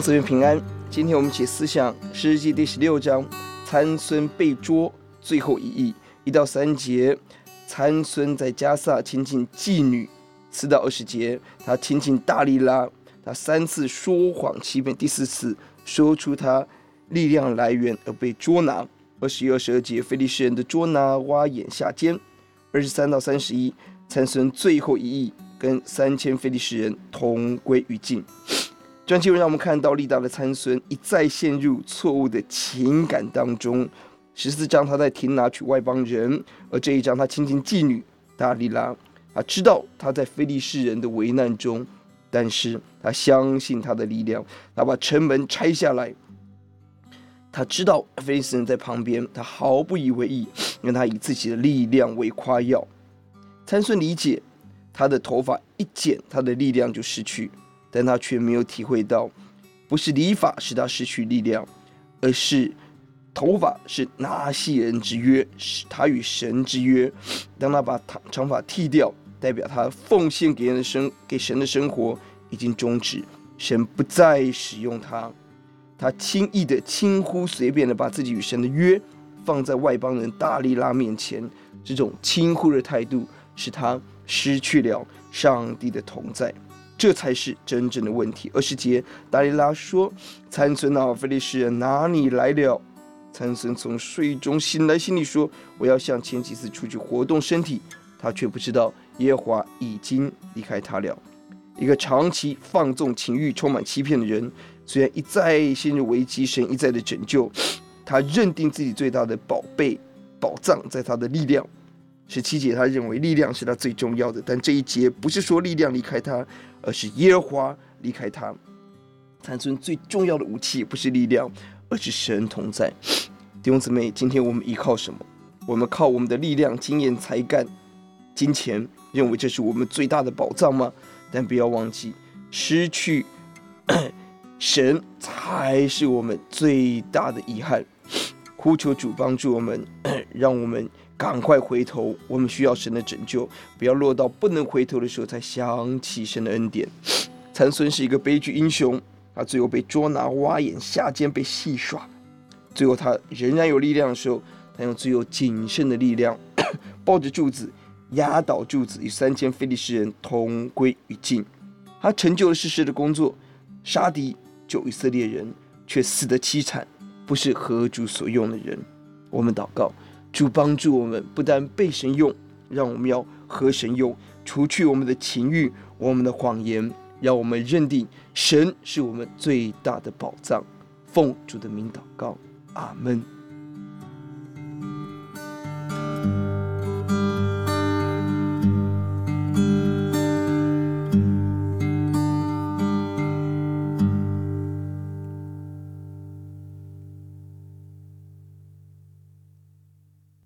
願平安。今天我們一起思想士師記第十六章《參孫被捉》最後一役一到三節，參孫在迦薩親近妓女；四到二十節，他親近大利拉，他三次說謊欺騙，第四次說出他力量來源而被捉拿。二十一、二十二節，非利士人的捉拿、挖眼、下監。二十三到三十一，參孫最後一役跟三千非利士人同歸於盡。這章經文讓我們看到力大的參孫一再陷入錯誤的情感當中。十四章，他在亭拿娶外邦人；而這一章，他親近妓女大利拉。他知道他在非利士人的危難中，但是他相信他的力量。他把城門拆下來。他知道非利士人在旁邊，他毫不以為意，因為他以自己的力量為誇耀。參孫理解，他的頭髮一剪，他的力量就失去。但他卻沒有體會到，不是理髮使他失去力量，而是頭髮是拿細耳人之約，是他與神之約。當他把長長髮剃掉，代表他奉獻給人的生，給神的生活已經終止，神不再使用他。他輕易的輕忽，隨便的把自己與神的約放在外邦人大利拉面前，這種輕忽的態度，使他失去了上帝的同在。這才是真正的問題。二十節，大利拉說：“參孫的、啊、非利士人拿你來了。”參孫從睡中醒來，心裡說：“我要像前幾次出去活動身體。”他卻不知道耶和華已經離開他了。一個長期放縱情欲、充滿欺騙的人，雖然一再陷入危機神，神一再的拯救，他認定自己最大的寶貝、寶藏在他的力量。十七節，他認為力量是他最重要的，但這一節不是說力量離開他，而是耶和華離開他。參孫最重要的武器不是力量，而是神同在。弟兄姊妹，今天我們依靠什麼？我們靠我們的力量、經驗、才幹、金錢，認為這是我們最大的寶藏嗎？但不要忘記，失去咳咳神才是我們最大的遺憾。呼求主幫助我們，讓我們趕快回頭。我們需要神的拯救，不要落到不能回頭的時候才想起神的恩典。參孫是一個悲劇英雄，他最後被捉拿挖眼、下監被戲耍，最後他仍然有力量的時候，他用最後僅剩的力量抱着柱子壓倒柱子，與三千非利士人同歸於盡。他成就了士師的工作，殺敵救以色列人，卻死得淒慘。不是合主所用的人，我們禱告，主幫助我們，不但被神用，讓我們要合神用，除去我們的情慾，我們的謊言，讓我們認定神是我們最大的寶藏。奉主的名禱告，阿門。